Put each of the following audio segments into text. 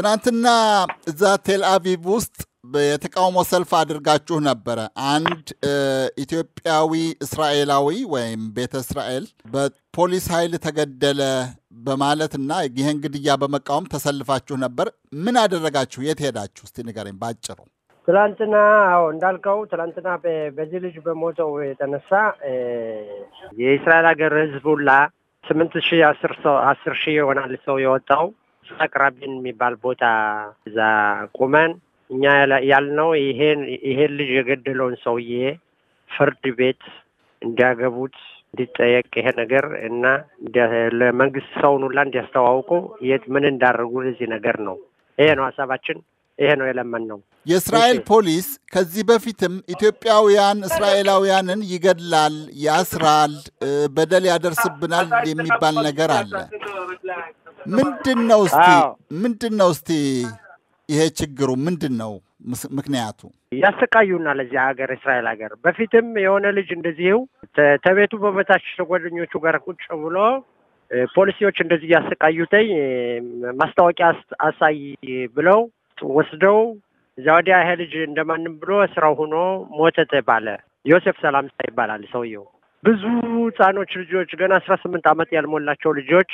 ትናንትና እዛ ቴልአቪቭ ውስጥ የተቃውሞ ሰልፍ አድርጋችሁ ነበረ። አንድ ኢትዮጵያዊ እስራኤላዊ ወይም ቤተ እስራኤል በፖሊስ ኃይል ተገደለ በማለትና ይህን ግድያ በመቃወም ተሰልፋችሁ ነበር። ምን አደረጋችሁ? የት ሄዳችሁ? እስቲ ንገረኝ ባጭሩ። ትላንትና አዎ እንዳልከው ትላንትና በዚህ ልጅ በሞተው የተነሳ የእስራኤል ሀገር ህዝብ ሁላ ስምንት ሺህ አስር አስር ሺህ ይሆናል ሰው የወጣው አቅራቢን የሚባል ቦታ እዛ ቁመን እኛ ያልነው ይሄን ይሄን ልጅ የገደለውን ሰውዬ ፍርድ ቤት እንዲያገቡት እንዲጠየቅ ይሄ ነገር እና ለመንግስት ሰውን ሁላ እንዲያስተዋውቁ የት ምን እንዳደርጉ እዚህ ነገር ነው። ይሄ ነው ሀሳባችን። ይሄ ነው የለመን ነው። የእስራኤል ፖሊስ ከዚህ በፊትም ኢትዮጵያውያን እስራኤላውያንን ይገድላል፣ ያስራል፣ በደል ያደርስብናል የሚባል ነገር አለ። ምንድን ነው እስቲ ምንድን ነው እስቲ ይሄ ችግሩ ምንድን ነው? ምክንያቱ ያሰቃዩናል። እዚህ ሀገር እስራኤል ሀገር በፊትም የሆነ ልጅ እንደዚሁ ተቤቱ በበታች ተጓደኞቹ ጋር ቁጭ ብሎ ፖሊሲዎች እንደዚህ ያሰቃዩተኝ ማስታወቂያ አሳይ ብለው ወስደው እዛ ወዲያ ይሄ ልጅ እንደማንም ብሎ ስራው ሆኖ ሞተ ተባለ። ዮሴፍ ሰላምታ ይባላል ሰውየው። ብዙ ህጻኖች ልጆች ገና አስራ ስምንት ዓመት ያልሞላቸው ልጆች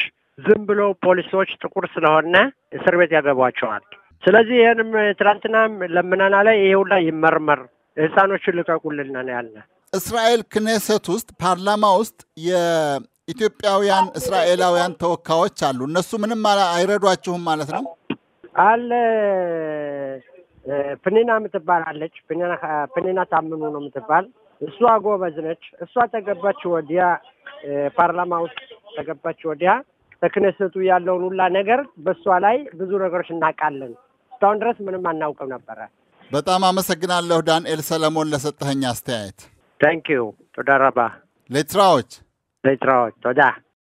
ዝም ብሎ ፖሊሶች ጥቁር ስለሆነ እስር ቤት ያገቧቸዋል። ስለዚህ ይህንም ትናንትናም ለምናና ላይ ይሄው ላይ ይመርመር፣ ህፃኖቹን ልቀቁልን ያለ እስራኤል ክኔሰት ውስጥ ፓርላማ ውስጥ የኢትዮጵያውያን እስራኤላውያን ተወካዮች አሉ። እነሱ ምንም አይረዷችሁም ማለት ነው አለ ፍኔና የምትባል አለች። ፍኔና ታምኑ ነው የምትባል እሷ ጎበዝ ነች። እሷ ተገባች ወዲያ ፓርላማ ውስጥ ተገባች ወዲያ ተክነሰቱ ያለውን ሁላ ነገር በእሷ ላይ ብዙ ነገሮች እናውቃለን። እስካሁን ድረስ ምንም አናውቅም ነበረ። በጣም አመሰግናለሁ ዳንኤል ሰለሞን ለሰጠኸኝ አስተያየት። ታንኪዩ ቶዳ ረባ ሌትራዎች ሌትራዎች ቶዳ